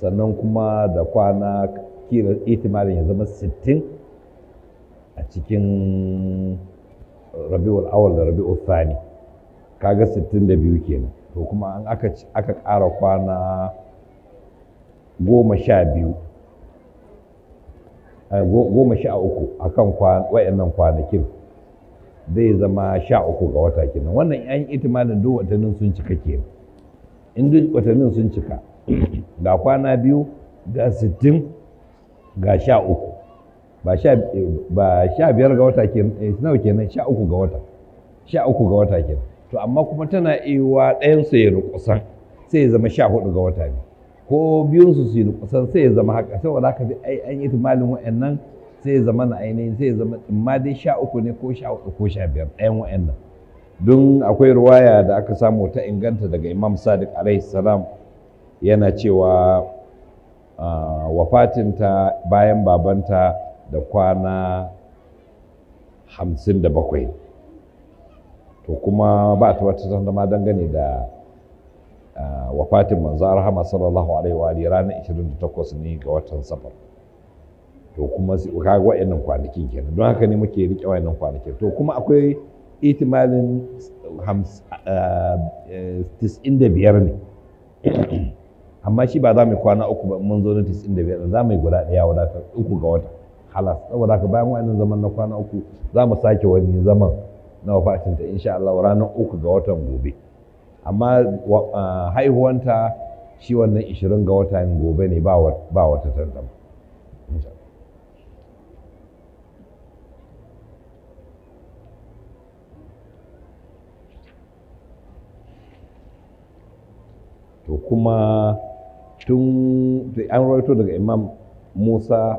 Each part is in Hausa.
sannan kuma da kwana kira itimarin ya zama 60 a cikin eh, rabi'ul awal da rabi'ul thani kaga 62 kenan to kuma an aka aka ƙara kwana goma sha biyu eh, goma sha uku a kan wa'annan kwanakin zai zama sha uku ga wata kenan wannan 'yan itimarin duk watannin sun cika kenan in duk watannin sun cika ga kwana biyu ga sittin ga sha uku ba sha biyar ga wata ke eh, nawa kenan sha uku ga wata sha uku ga wata kenan to amma kuma tana ɗayan su ya rukusan sai ya zama sha hudu ga wata ne ko biyunsu su yi rukusan sai ya zama haka saboda haka ai an yi tumalin wa'annan sai ya zama na ainihin sai ya zama in ma dai sha uku ne ko sha hudu ko sha biyar ɗayan wa'annan don akwai ruwaya da aka samu ta inganta daga imam sadiq alaihi salam yana cewa ah, wafatinta bayan babanta da kwana hamsin da bakwai to kuma ba ta wata tantama dangane da ah, wafatin manzo rahama sallallahu alaihi wa alihi ranar 28 ne ga watan safar to kuma kaga wa'annan kwanakin kenan don haka ne muke rike wa'annan kwanakin to kuma akwai ihtimalin biyar ne amma shi ba za mu kwana uku ba mun zo na biyar za mu yi guda ɗaya wadatar uku ga wata halas saboda haka bayan wa'annan zaman na kwana uku za mu sake wani zaman na wafatinta insha Allah ranar uku ga watan gobe amma haihuwanta shi wannan 20 ga watan gobe ne ba wata tantama to kuma tun an rawaito daga imam musa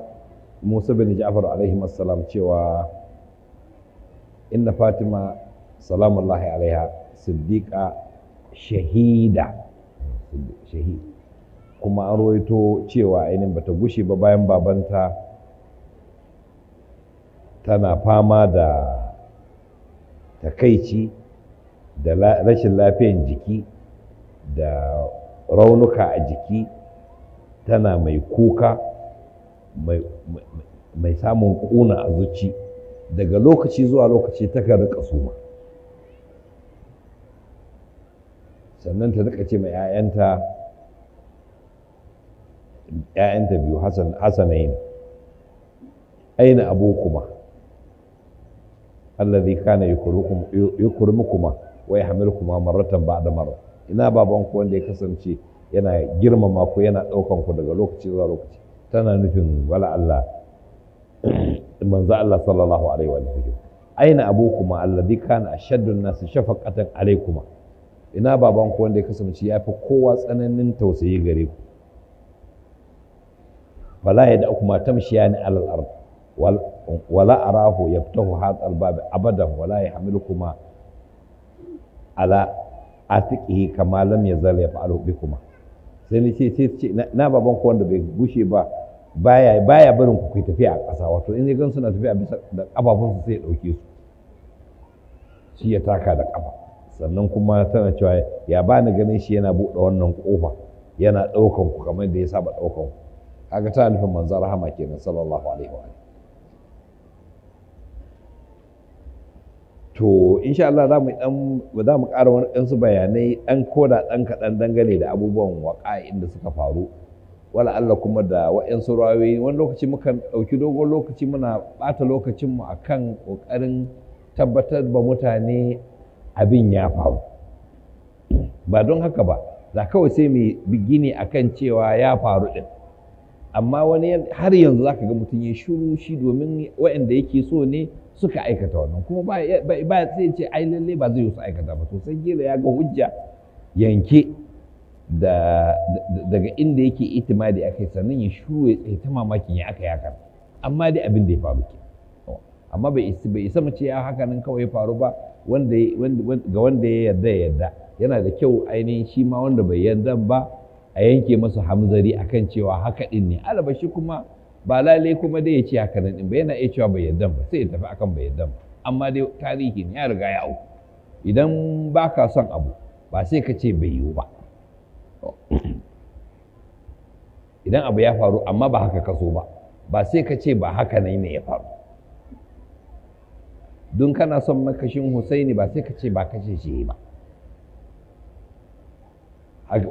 musa bin ja'far alaihi assalam cewa inna fatima salamullahi alaiha siddiqa shahida shahid kuma an rawaito cewa ainihin bata gushe ba bayan babanta tana fama da takaici da rashin lafiyan jiki da raunuka a jiki tana mai kuka mai samun ƙuna a zuci daga lokaci zuwa lokaci takan rika suma sannan ta rika ce mai 'ya'yanta ‘ya'yanta biyu hasanayin aina abu kuma allazi kana yukurmukuma wa yahmilukum marratan da marra ina babanku wanda ya kasance yana girmama ku yana ɗaukan ku daga lokaci zuwa lokaci tana nufin wala Allah manzo Allah sallallahu alaihi wa sallam aina abukuma alladhi kana ashaddu an-nasi shafaqatan alaykuma ina babanku wanda ya kasance yafi kowa tsananin tausayi gare ku Wala ya da'u kuma ni alal ard wala arahu yaftahu hadal bab abadan wala yahmilukuma ala a fiƙihi kama lam ya zala ya fa'alu bi kuma sai ni ce ce na baban ku wanda bai gushe ba baya baya barin ku kai tafiya a ƙasa wato in gan suna tafiya bisa da su sai ya ɗauke su shi ya taka da ƙafa sannan kuma tana cewa ya ba ni ganin shi yana buɗe wannan ƙofa yana ɗaukan ku kamar da ya saba ɗaukan ku kaga ta nufin manzon rahama kenan sallallahu alaihi wa to insha Allah za mu dan za mu ƙara wani ɗansu bayanai ɗan koda ɗan kaɗan dangane da abubuwan waƙa'in inda suka faru wala Allah kuma da waɗansu rawayoyi wani lokaci mukan ɗauki dogon lokaci muna ɓata lokacinmu a kan ƙoƙarin tabbatar ba mutane abin ya faru ba don haka ba za kawai sai mai bigini a kan cewa ya faru ɗin amma wani har yanzu za ka ga mutum ya shuru shi domin waɗanda yake so ne suka aikata wannan kuma ba ba sai ce ai lalle ba zai su aikata ba to sai gila ya ga hujja yanke daga inda yake itimadi akai sannan ya shuru ya ta mamakin ya aka yaka amma dai abin da ya faru ke amma bai isa mace ya haka nan kawai ya faru ba ga wanda ya yarda ya yarda yana da kyau ainihin shi ma wanda bai yarda ba a yanke masa hamzari akan cewa haka din ne alaba kuma ba lalai kuma dai ya ce haka nan ba yana iya cewa bai yarda ba sai ya tafi akan bai yarda ba amma dai tarihi ne ya riga ya auku idan ba ka son abu ba sai ka ce bai yiwu ba idan abu ya faru amma ba haka ka so ba ba sai ka ce ba haka ne ne ya faru don kana son makashin husaini ba sai ka ce ba kashe shi ba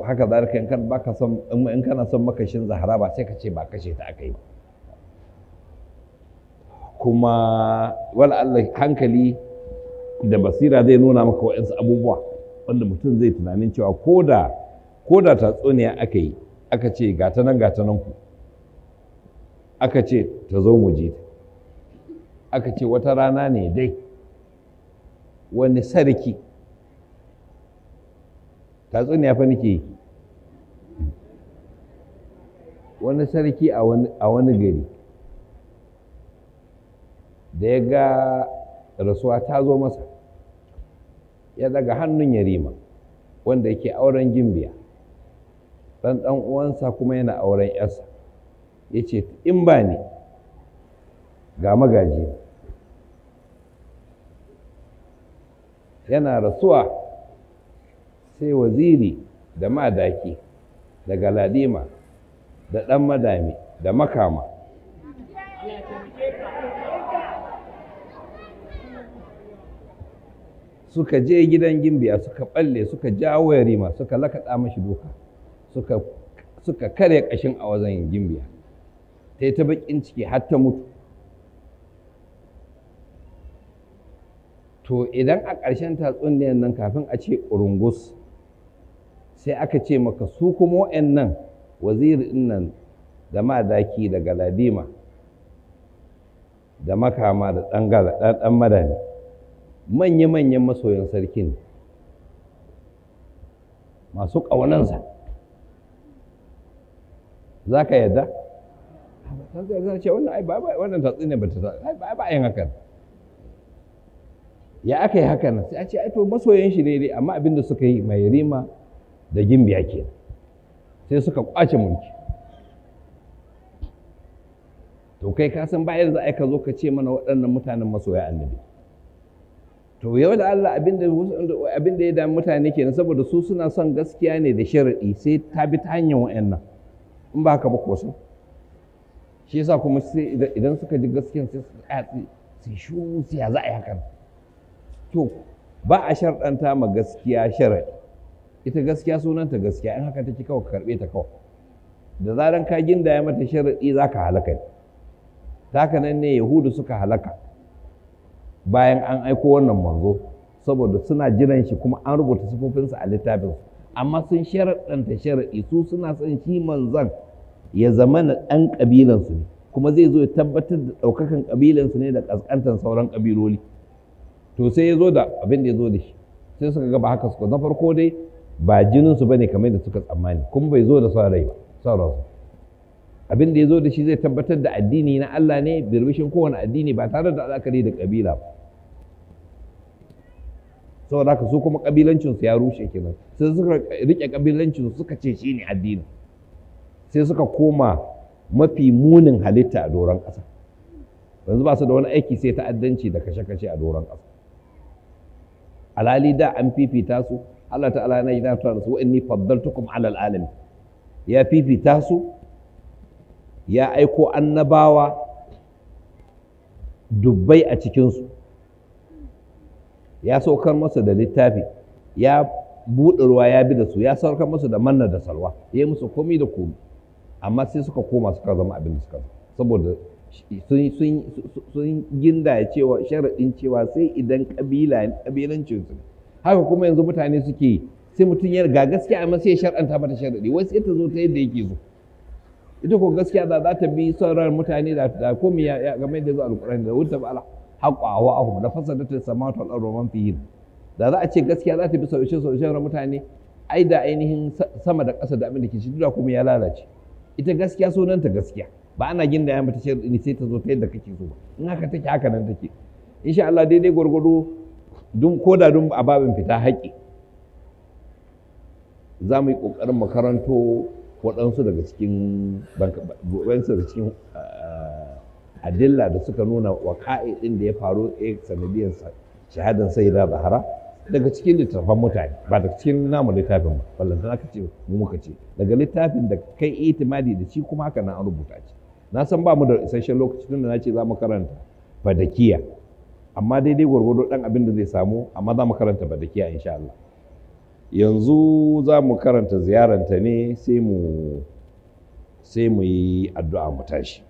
haka zarika in kana son makashin zahara ba sai ka ce ba kashe ta aka yi ba kuma wala Allah hankali da basira zai nuna maka wa'insu abubuwa wanda mutum zai tunanin cewa koda koda tatsuniya aka yi aka ce gata nan gata nan ku aka ce ta zo mu je aka ce wata rana ne dai wani sarki tatsuniya fa nake yi wani sarki a wani gari da ya ga rasuwa ta zo masa ya daga hannun yarima wanda yake auren gimbiya ɗan ɗan uwansa kuma yana auren yarsa ya ce in ba ni ga magaji yana rasuwa sai waziri da madaki daga ladima da ɗan madami da makama suka je gidan gimbiya suka balle suka jawo yarima suka lakaɗa mashi doka suka suka kare ƙashin a wajen gimbiya ta yi ta baƙin ciki har ta mutu to idan a ƙarshen tatsuniyar nan kafin a ce urungus sai aka ce maka su kuma nan, waziri nan da madaki daga ladima da makama da ɗan madani manya-manyan masoyan sarkin masu ƙaunansa za ka yadda? ya ce wannan ai ba wannan tatsi ne ba ta ba ba yin hakan ya aka yi hakan sai a ce ai to masoyan shi ne dai amma abin da suka yi mai rima da gimbiya ke sai suka kwace mulki to kai ka san bayan za a ka zo ka ce mana waɗannan mutanen masoya annabi to yau da Allah abin da ya dami mutane kenan saboda su suna son gaskiya ne da sharaɗi sai ta bi ta hanyar nan in ba haka ba ko sun shi yasa kuma sai idan suka ji gaskiya sai su tsaya sai shu su ya za a yi hakan to ba a sharɗanta ma gaskiya sharaɗi ita gaskiya sunanta gaskiya in haka take kawai karɓe ta kawai da zaran ka gindaya mata sharaɗi za ka halaka ne ta haka nan ne yahudu suka halaka bayan an aiko wannan manzo saboda suna jiran shi kuma an rubuta sufofinsa a littafin amma sun sharaɗanta sharaɗi su suna son shi manzon ya zama na ɗan ƙabilansu ne kuma zai zo ya tabbatar da ɗaukakan ƙabilansu ne da ƙasƙantar sauran ƙabiloli to sai ya zo da abin da ya zo da shi sai suka gaba haka suka na farko dai ba jininsu ba ne kamar da suka tsammani kuma bai zo da sa rai ba son ransu abin da ya zo da shi zai tabbatar da addini na Allah ne birbishin kowane addini ba tare da alakari da ƙabila ba saboda haka su kuma kabilancin su ya rushe kenan sai suka riƙe kabilancin suka ce shi ne addini sai suka koma mafi munin halitta a doron ƙasa yanzu ba su da wani aiki sai ta'addanci da kashe-kashe a doron ƙasa alhali da an fifita su Allah ta'ala na yi da su wa'anni faddaltukum alal alamin ya fifita su ya aiko annabawa dubbai a cikinsu ya saukar masa da littafi ya buɗe ruwa ya bi da su ya saukar masa da manna da salwa ya yi musu komi da komi amma sai suka koma suka zama abin da suka saboda sun ginda ya cewa sharaɗin cewa sai idan ƙabilancin su haka kuma yanzu mutane suke sai mutum ya ga gaskiya amma sai ya shar'anta mata sharaɗi wasu ita zo ta yadda yake zo ita ko gaskiya da za ta bi sauran mutane da ta komi ya game da zuwa alkurani da wuta bala haƙa wa ahum da da ta samatu al'ar man fiyin da za a ce gaskiya za ta bi sauce sauce mutane ai da ainihin sama da ƙasa da abin da ke shi da ya lalace ita gaskiya sunanta gaskiya ba ana da ya mata ni sai ta zo ta yadda kake so ba in haka take haka nan take insha Allah daidai gwargwado dun koda dun a babin fita haƙi za mu yi ƙoƙarin makaranto waɗansu daga cikin waɗansu daga cikin ah, adilla da suka nuna wa waka'i ɗin da ya faru a sanadiyar shahadan sayyida zahara daga cikin littafan mutane ba daga cikin namu littafin ba ballanta aka ce mu muka ce daga littafin da kai itimadi da shi kuma haka na an rubuta shi na san ba mu da isasshen lokaci tunda na ce za mu karanta fadakiya amma daidai gwargwado ɗan abin da zai samu amma za mu karanta fadakiya insha Allah yanzu za mu karanta ziyaranta ne sai mu yi addu'a mu tashi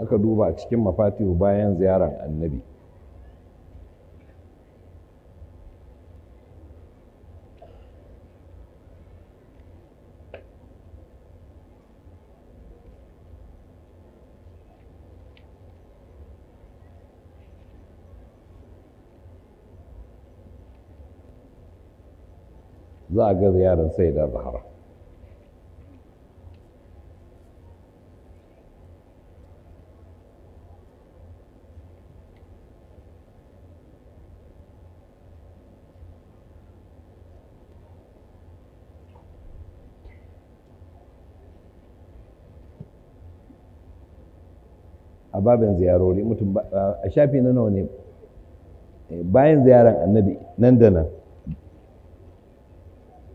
aka duba cikin mafatihu bayan ziyarar annabi za a gaza yaran sai da zahara a babin ziyarori mutum a shafi na nawa ne eh, bayan ziyarar annabi nan da nan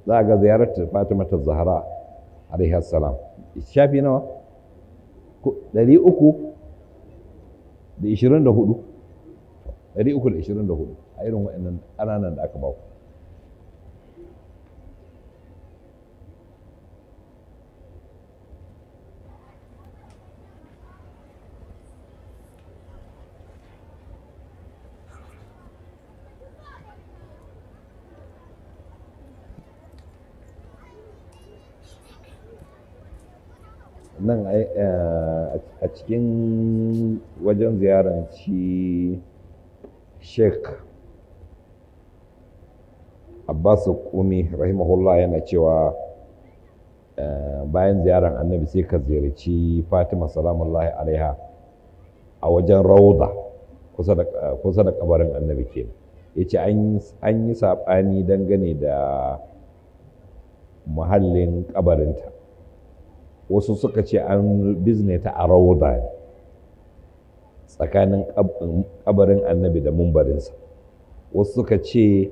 za a ga ziyararta fatima ta Zahra alaihi salam shafi nawa uku da ishirin da hudu? a irin waɗannan ƙananan da aka ba ku. nan eh, a cikin wajen ziyarar shi sheikh abbas kumi rahimahullah yana cewa eh, bayan ziyarar annabi sai ka ziyarci fatima salamullahi alaiha a wajen rauda kusa da kabarin annabi ke ya ce an yi saɓani dangane da muhallin kabarinta wasu suka ce an bizne ta a rauda tsakanin kabarin annabi da mumbarinsa wasu suka ce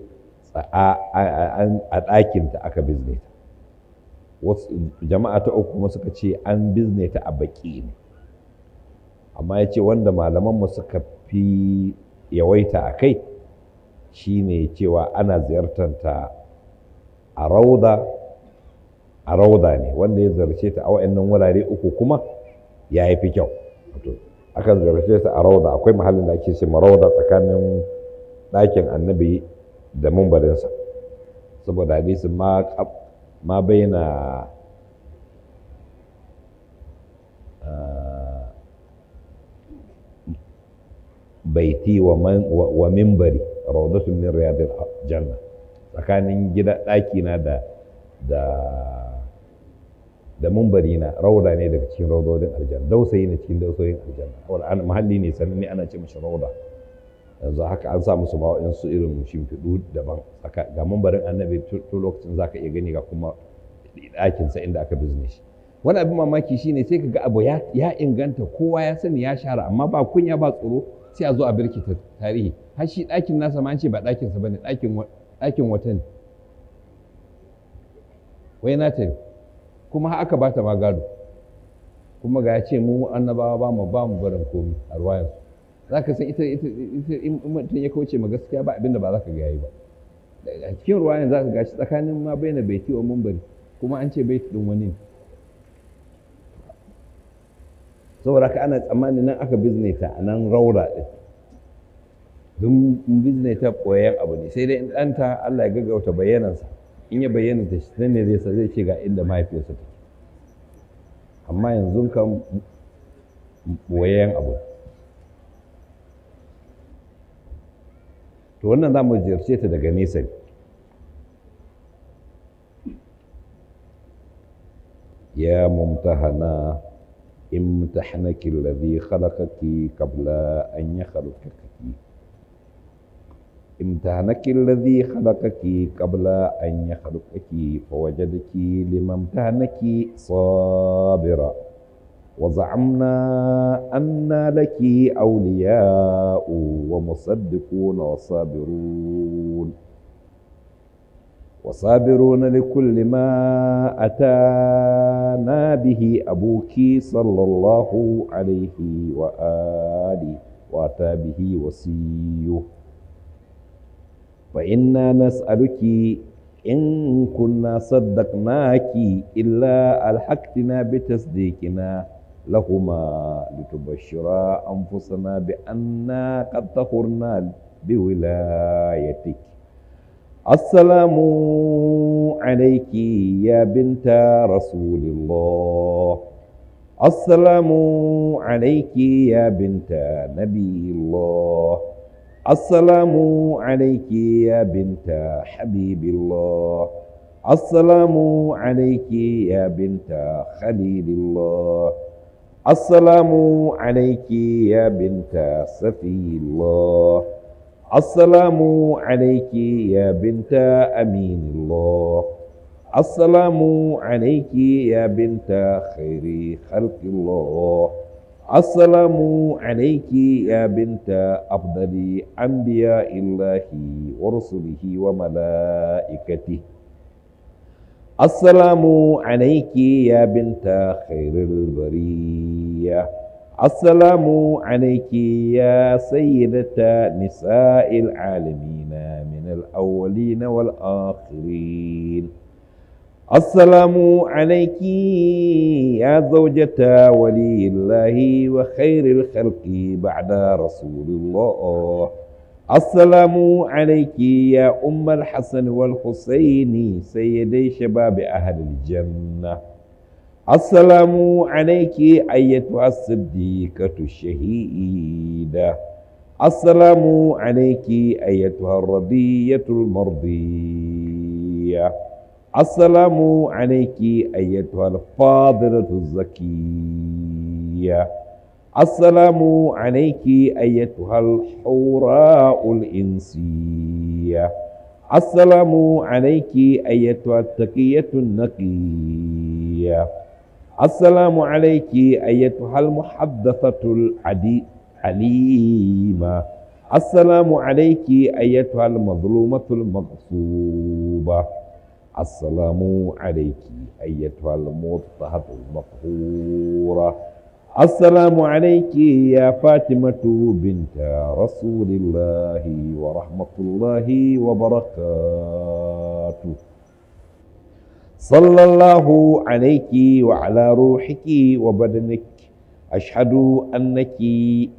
a ɗakinta aka bizne ta wasu jama'a ta uku kuma suka ce an bizne ta a baƙi ne amma ya ce wanda malamanmu suka fi yawaita a kai shine cewa ana ziyartar ta a rauda a rauda ne wanda ya zarce ta a wa'annan wurare uku kuma ya yi fi kyau akan zarce ta a rauda akwai mahallin da ake ce rauda tsakanin ɗakin annabi da mumbarinsa saboda hadisin ma ma bayyana ah, baiti wa mimbari raudatun min riyadil janna tsakanin gida ɗakina da da da mumbari na rauda ne daga cikin raudodin aljanna dausayi ne cikin dausayin aljanna an mahalli ne ne ana ce mishi rauda yanzu haka an sa musu ma su irin shimfiɗu daban ga mumbarin annabi tun lokacin zaka iya gani ga kuma sa inda aka bizne shi wani abin mamaki shine sai ka ga abu ya inganta kowa ya sani ya shahara amma ba kunya ba tsoro sai a zo a birki ta tarihi har shi ɗakin nasa ma ce ba ɗakinsa ba ne ɗakin wata ne wai na kuma aka ba ta ma gado kuma ga ya ce mu annabawa ba mu ba mu barin komi a ruwayar za ka san ita ita in mutum ya kauce ma gaskiya ba abinda ba za ka ga yi ba a cikin ruwayar za ka gashi tsakanin ma bai baiti wa mumbari kuma an ce bai tiɗin wani ne saboda ka ana tsammanin nan aka bizne ta a nan raura ɗin don bizne ta koyan abu ne sai dai in ɗanta Allah ya gaggauta bayyanansa in ya bayyana da shi nan ne zai sa zai ce ga inda mahaifiyarsa ta amma yanzu kan boyayyen abu to wannan za mu jirce ta daga nesa ne يا ممتحنة امتحنك الذي kabla قبل أن يخلقك امتحانك الذي خلقك قبل أن يخلقك فوجدك لما امتحنك صابرا وزعمنا أن لك أولياء ومصدقون وصابرون وصابرون لكل ما أتانا به أبوك صلى الله عليه وآله وأتى به وصيه فإنا نسألك إن كنا صدقناك إلا ألحقتنا بتصديقنا لهما لتبشرا أنفسنا بأننا قد تخرنا بولايتك السلام عليك يا بنت رسول الله السلام عليك يا بنت نبي الله السلام عليك يا بنت حبيب الله السلام عليك يا بنت خليل الله السلام عليك يا بنت سفي الله السلام عليك يا بنت أمين الله السلام عليك يا بنت خير خلق الله السلام عليك يا بنت أفضل أنبياء الله ورسله وملائكته السلام عليك يا بنت خير البرية السلام عليك يا سيدة نساء العالمين من الأولين والآخرين السلام عليك يا زوجة ولي الله وخير الخلق بعد رسول الله السلام عليك يا أم الحسن والحسين سيدي شباب أهل الجنة السلام عليك أيتها الصديقة الشهيدة السلام عليك أيتها الرضية المرضية السلام عليك أيتها الفاضلة الزكية السلام عليك أيتها الحوراء الإنسية السلام عليك أيتها التقية النقية السلام عليك أيتها المحدثة العليمة السلام عليك أيتها المظلومة المغصوبة السلام عليك أيتها المطهرة المطهورة السلام عليك يا فاطمة بنت رسول الله ورحمة الله وبركاته صلى الله عليك وعلى روحك وبدنك أشهد أنك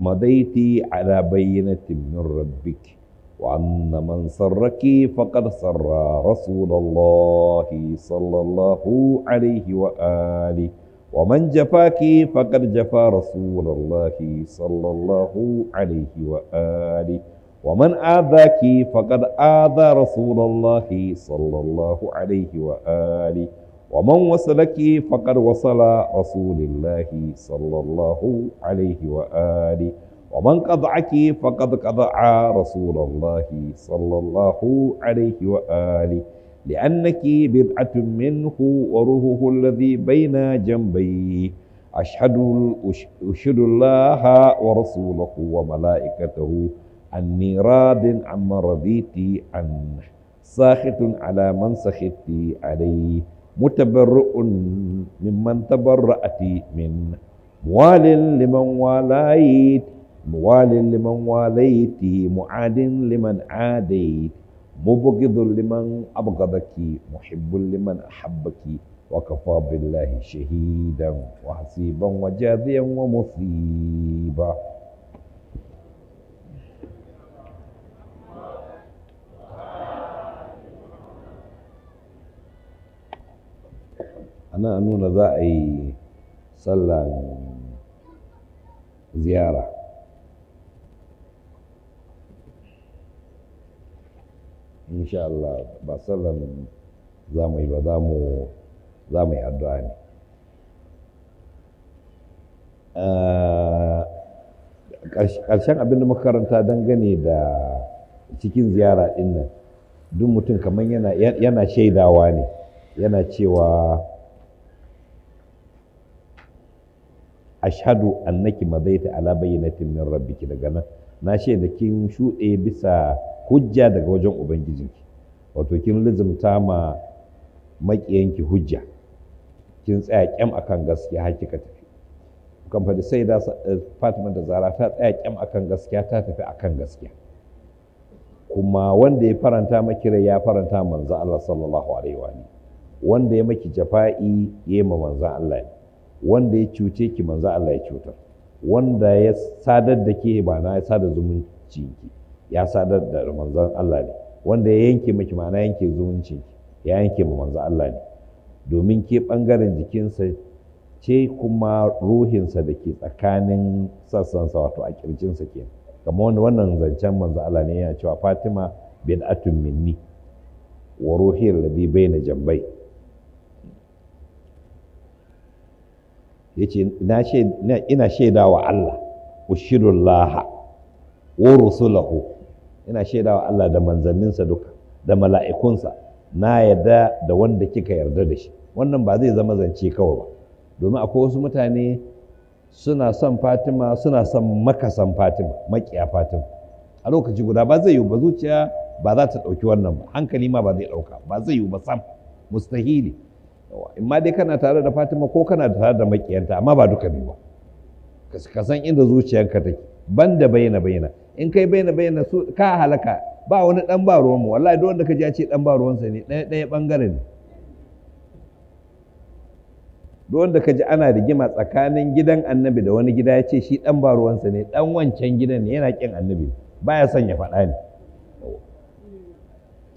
مضيت على بينة من ربك وأن من سرك فقد سر رسول الله صلى الله عليه وآله ومن جفاك فقد جفا رسول الله صلى الله عليه وآله ومن آذاك فقد آذى رسول الله صلى الله عليه وآله ومن وصلك فقد وصل رسول الله صلى الله عليه وآله ومن قضعك فقد قضع رسول الله صلى الله عليه وآله لأنك بدعة منه وروحه الذي بين جنبي أشهد أشهد الله ورسوله وملائكته أني راض عما رضيت عنه ساخط على من سخطت عليه متبرؤ ممن تبرأت منه موال لمن والايت موال لمن واليت معاد لمن عاديت مبغض لمن أبغضك محب لمن أحبك وكفى بالله شهيدا وحسيبا وجاذيا ومصيبا أنا أنونا ذا صلى زيارة insha Allah ba sallan za mu yi ba za mu za mu yi addu'a ne ah, ƙarshen abin da muka karanta dangane da cikin ziyara din nan duk mutum kamar yana, yana shaidawa ne yana cewa ashadu annaki madaita ala bayyanatin min rabbiki daga nan na shaida kin shuɗe bisa hujja daga wajen ubangijinki wato kin lizumta ma maƙiyanki hujja kin tsaya kyam akan gaskiya haƙi ka tafi kan sai da eh, Fatima da Zara ta tsaya kyam akan gaskiya ta tafi akan gaskiya kuma wanda ya faranta maki rai ya faranta manzo Allah sallallahu alaihi wa wanda ya maki jafa'i ya ma manzo Allah wanda ya cuce ki manzo Allah ya cutar wanda ya sadar da ke ba na ya sadar zumunci ki ya sadar da manzon Allah ne wanda ya yanke miki ma'ana yanke zumunci ya yanke ma manzon Allah ne domin ke ɓangaren jikinsa ce kuma ruhinsa da ke tsakanin sassansa wato a ƙirjinsa ke kamar wanda wannan zancen manzo Allah ne yana cewa Fatima bid'atun minni wa ruhi alladhi baina jambai yace na ina shaida wa Allah ushidullah wa rusulahu ina shaida wa Allah da manzanninsa duka da mala'ikunsa na yarda da wanda kika yarda da shi wannan ba zai zama zance kawai ba domin akwai wasu mutane suna son fatima suna son makasan fatima makiya fatima a lokaci guda ba zai yiwu ba zuciya ba za ta ɗauki wannan ba hankali ma ba zai ɗauka ba zai yiwu ba sam mustahili imma dai kana tare da fatima ko kana tare da makiyanta amma ba duka biyu ba ka san inda zuciyarka take banda bayyana bayyana in kai bayyana bayyana su ka halaka ba wani dan ba ruwan mu wallahi duk wanda ka ji ce dan ba sa ne ɗaya ɗaya bangare ne duk wanda ka ji ana rigima tsakanin gidan annabi da wani gida ya ce shi dan ba sa ne dan wancan gidan ne yana kin annabi baya son ya faɗa ne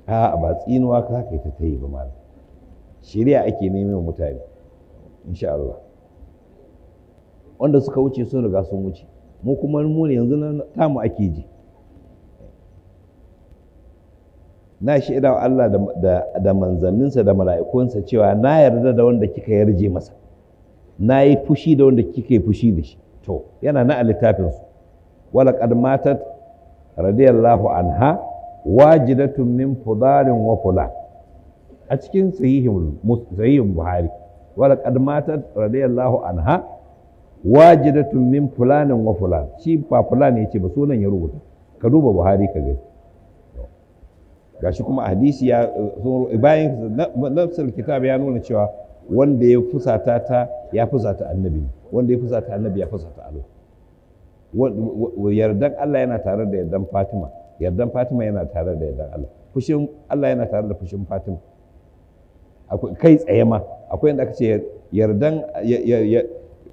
a'a ba tsinuwa ka kai ta kai ba malam Shirya ake neman mutane insha Allah wanda suka wuce sun riga sun wuce mu kuma mu ne yanzu nan tamu ake ji na shi idan Allah da manzanninsa da mala'ikunsa cewa na yarda da wanda kika yarje masa na yi fushi da wanda kika yi fushi da shi to yana na a littafinsu wala qad matat radiyallahu anha wajidatun min fudarin wa fula a cikin sahihin buhari wala qad matat radiyallahu anha wajidatun min fulanin wa fulan shi ba fulan ya ce ba sunan ya rubuta ka duba buhari ka gani gashi kuma hadisi ya bayan nafsul kitab ya nuna cewa wanda ya fusata ta ya fusata annabi wanda ya fusata annabi ya fusata Allah yardan Allah yana tare da yardan Fatima yardan Fatima yana tare da yardan Allah fushin Allah yana tare da fushin Fatima akwai kai tsaye ma akwai yadda aka ce yardan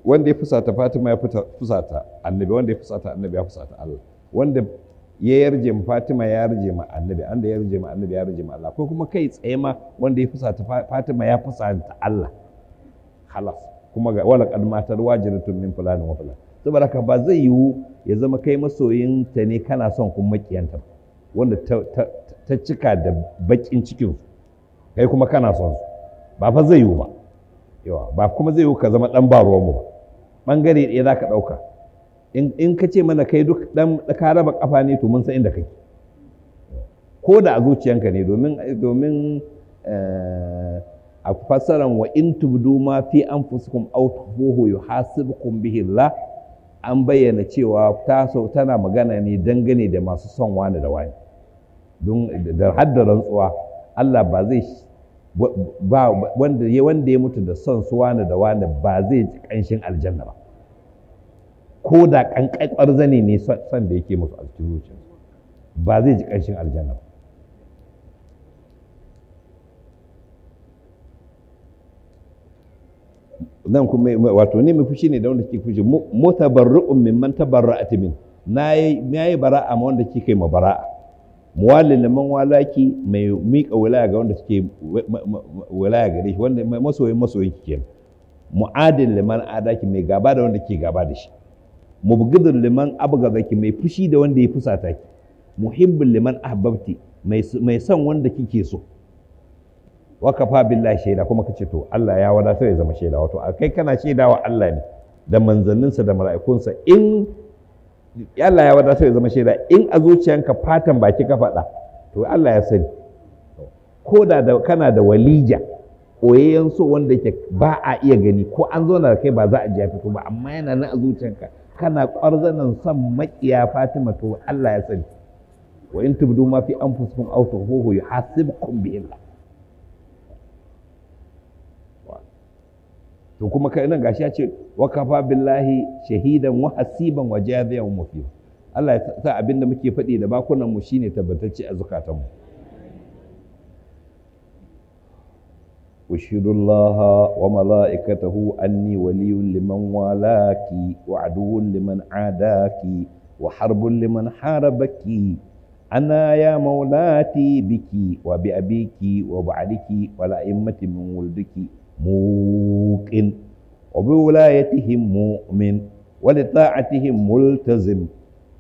wanda ya fusata Fatima ya fusata annabi wanda ya fusata annabi ya fusata Allah wanda ya yarje ma Fatima ya yarje ma annabi an da ya yarje ma annabi ya yarje ma Allah ko kuma kai tsaye ma wanda ya fusata Fatima ya fusata Allah halas kuma ga wala kad matar wajiratun min fulani wa fulani saboda haka ba zai yiwu ya zama kai masoyin ta ne kana son kuma makiyanta wanda ta cika da bakin cikin kai kuma kana son ba fa zai yiwu ba yawa ba kuma zai yi ka zama dan ba ruwanmu ba bangare ɗaya za ka ɗauka in ka ce mana kai duk ɗan ka raba ƙafa ne to mun san inda kai ko da a zuciyanka ne domin eh, a fassaran wa in tubdu ma fi anfusikum aw tukhfuhu yuhasibukum bihi Allah an bayyana cewa ta tana magana ne dangane da masu son wani da wani don da rantsuwa Allah ba zai ba wanda ya wanda ya mutu da son su wani da wani ba zai ci ƙanshin aljanna ba ko da kankakwar zane ne son da yake musu a ba zai ji ƙanshin aljanna ba nan kuma wato ne mai fushi ne da wanda ke fushi mutabarru'un mimman tabarra'at min na yi bara'a ma wanda kike ma bara'a muwalin liman walaki mai miƙa wilaya ga wanda suke wilaya gare shi wanda mai masoyi masoyin ke mu'adin liman adaki mai gaba da wanda ke gaba da shi mubgidul liman abgazaki mai fushi da wanda ya fusata ki muhibbin liman ahbabti mai son wanda kike so wa kafa billahi shaida kuma kace to Allah ya wadatar ya zama shaida wato kai kana shaida wa Allah ne da manzanninsa da mala'ikunsa in Allah ya wadatar ya zama shaida in a zuciyanka fatan baki ka faɗa to Allah ya sani ko da kana da walija koyayyen so wanda yake ba a iya gani ko an zo da kai ba za a ji ya fito ba amma yana nan a zuciyanka kana ƙwarzanan son maƙiya Fatima to Allah ya sani wa in tubdu ma fi anfusikum aw tukhfuhu yuhasibkum bi Allah to kuma kai nan gashi ya ce wa kafa billahi shahidan wa hasiban wa jaziyan wa mufiba Allah ya sa abinda muke faɗi da bakunan mu shine tabbatacce a zakatan mu أشهد الله وملائكته أني ولي لمن والاك وعدو لمن عاداك وحرب لمن حاربك أنا يا مولاتي بك وبأبيك وبعدك والأئمة من ولدك موقن وبولايتهم مؤمن ولطاعتهم ملتزم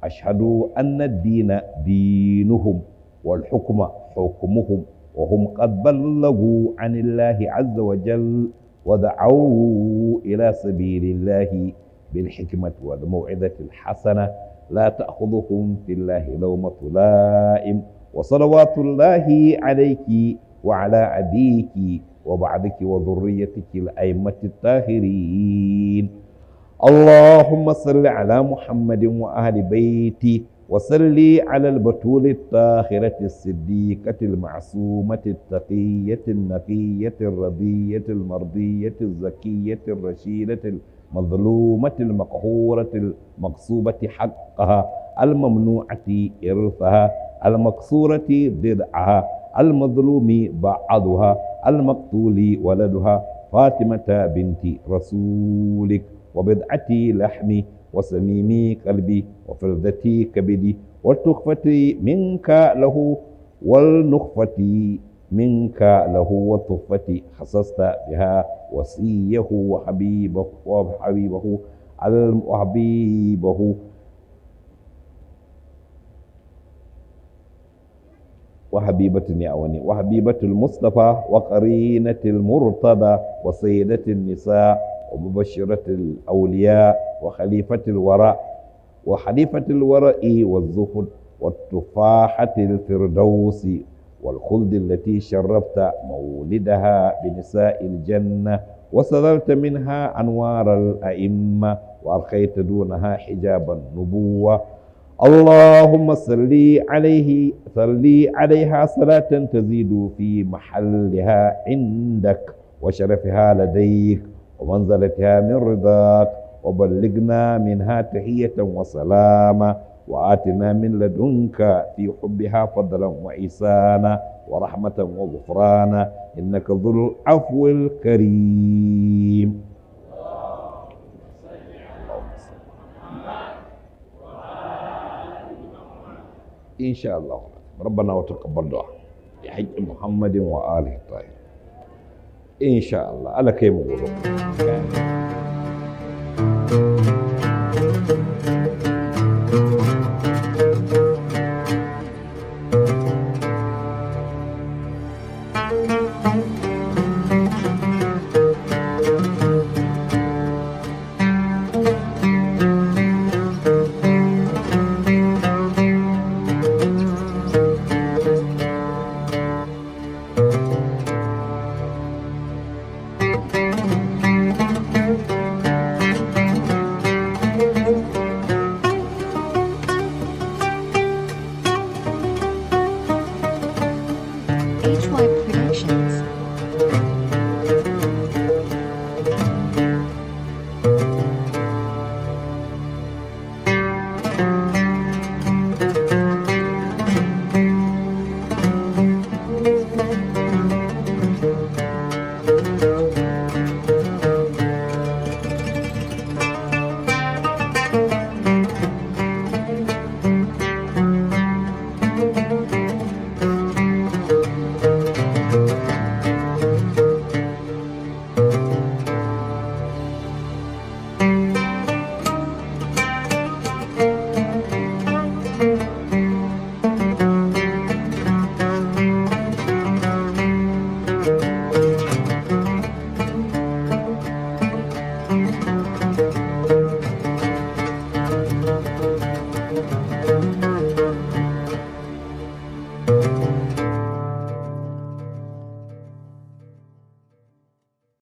أشهد أن الدين دينهم والحكم حكمهم وهم قد بلغوا عن الله عز وجل ودعوا إلى سبيل الله بالحكمة والموعظة الحسنة لا تأخذهم في الله لومة لائم وصلوات الله عليك وعلى أبيك وبعدك وذريتك الأئمة الطاهرين اللهم صل على محمد وآل بيته وصل على البتول الطاهرة الصديقة المعصومة التقية النقية الرضية المرضية الزكية الرشيدة المظلومة المقهورة المقصوبة حقها الممنوعة إرثها المقصورة ضدعها المظلوم بعضها المقتول ولدها فاطمة بنت رسولك وبدعتي لحمي وسميمي قلبي وفردتي كبدي والتخفتي منك له والنخفتي منك له والتخفتي خصصت بها وصيه وحبيبه وحبيبه وحبيبه وحبيبة النعوني وحبيبة المصطفى وقرينة المرتضى وسيدة النساء ومبشرة الأولياء وخليفة الوراء وحليفة الوراء والزهد والتفاحة الفردوس والخلد التي شربت مولدها بنساء الجنة وصدرت منها أنوار الأئمة وأرخيت دونها حجاب النبوة اللهم صل عليه صل عليها صلاة تزيد في محلها عندك وشرفها لديك ومنزلتها من رضاك وبلغنا منها تحية وسلاما وآتنا من لدنك في حبها فضلا وإحسانا ورحمة وغفرانا إنك ذو العفو الكريم إن شاء الله ربنا وتقبل دعاء بحج محمد وآله الطاهرين إن شاء الله على كيف